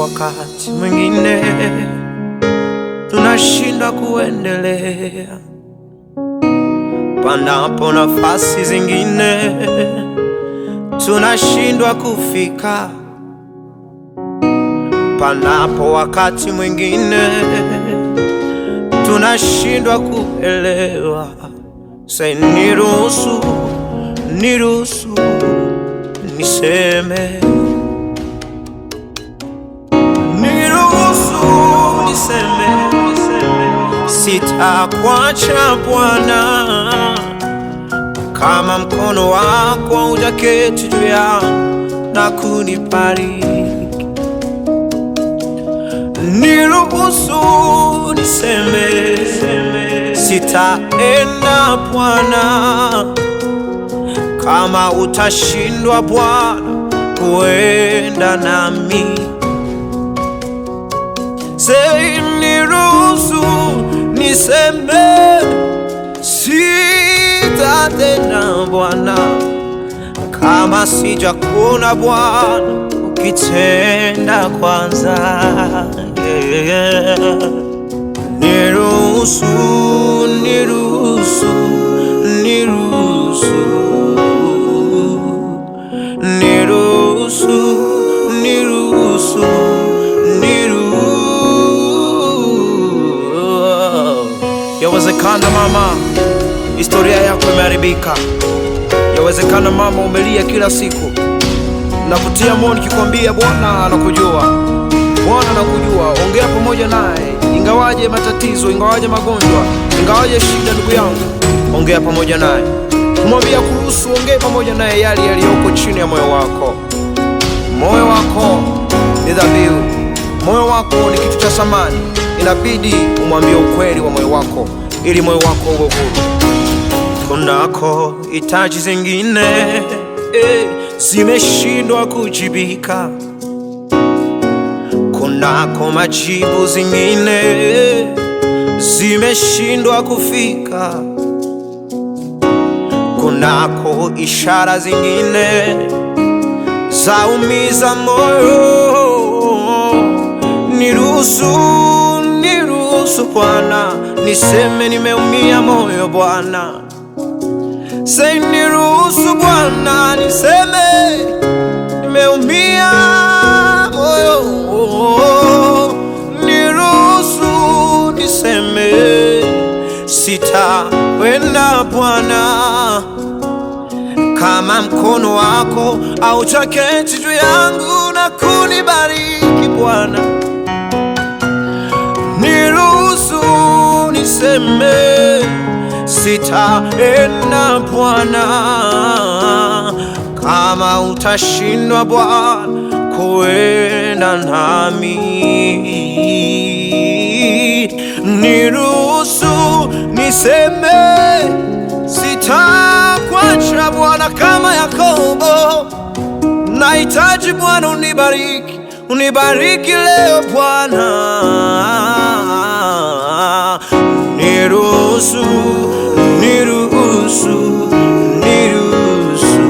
wakati mwingine tunashindwa kuendelea, panapo nafasi zingine tunashindwa kufika, panapo wakati mwingine tunashindwa kuelewa. Sai, niruhusu, niruhusu niseme niseme, sitakuacha Bwana, kama mkono wako haujaketi juu ya na kunibariki. Niruhusu niseme, sitaenda Bwana, kama utashindwa Bwana kuenda nami. Bwana kama sija kuna Bwana ukitenda kwanza yeah, yeah. Niruhusu, niruhusu, niruhusu, niruhusu, niruhusu, niruhusu. Yawezekana mama Historia yako imeharibika, yawezekana mama umelia kila siku. Nakutia moyo nikikwambia Bwana anakujua, Bwana anakujua. Ongea pamoja naye, ingawaje matatizo, ingawaje magonjwa, ingawaje shida, ndugu yangu, ongea pamoja naye, kumwambia kuruhusu, ongee pamoja naye yale yaliyoko chini ya moyo wako. Moyo wako ni dhabihu, moyo wako ni kitu cha samani. Inabidi umwambie ukweli wa moyo wako ili moyo wako uwe huru ndako itaji zingine eh, zimeshindwa kujibika kunako majibu zingine e, zimeshindwa kufika kunako ishara zingine zaumiza moyo. Niruhusu, niruhusu Bwana, niseme nimeumia moyo Bwana Say niruhusu Bwana niseme, nimeumia moyo oh, ni oh. Niruhusu niseme, sitawenda Bwana kama mkono wako au jaketi juu yangu na kunibariki Bwana, niruhusu niseme sitaenda Bwana, kama utashindwa Bwana kuenda nami, niruhusu niseme sitakuacha Bwana, kama Yakobo nahitaji Bwana, unibariki, unibariki leo Bwana, niruhusu Niruhusu, niruhusu,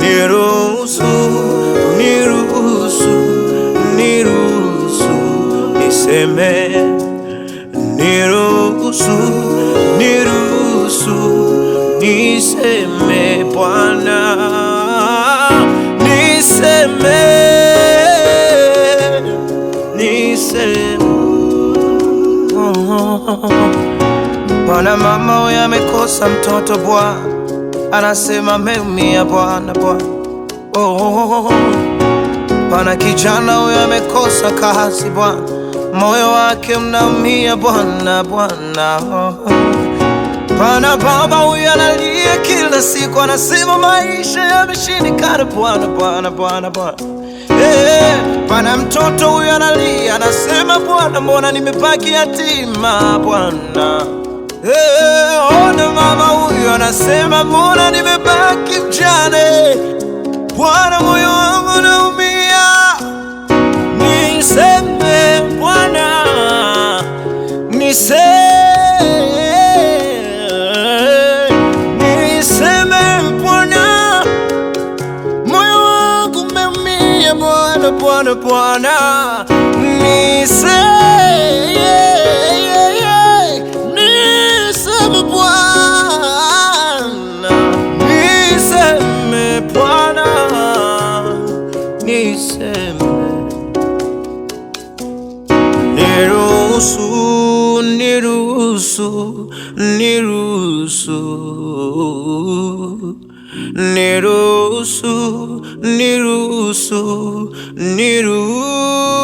niruhusu, niruhusu, niruhusu, niseme niruhusu, niruhusu, niseme Bwana, niseme niseme oh, oh, oh, Mwana mama huyo amekosa mtoto bwa, anasema ameumia bwana bwa. Oh, oh, oh. oh, oh. kijana huyo amekosa kazi bwa, moyo wake mnaumia bwana bwana. Oh, oh baba huyo analia kila siku, anasema maisha yameshindikana bwana bwana bwana bwana eh, eh, Bwana mtoto huyo analia anasema, bwana, mbona nimebaki yatima bwana. Hey, eh, ona mama huyu anasema mbona nimebaki mjane. Bwana, moyo wangu naumia, niseme Bwana, niseme Bwana, moyo wangu Bwana, Bwana niseme niruhusu niruhusu niruhusu niruhusu niruhusu niruhusu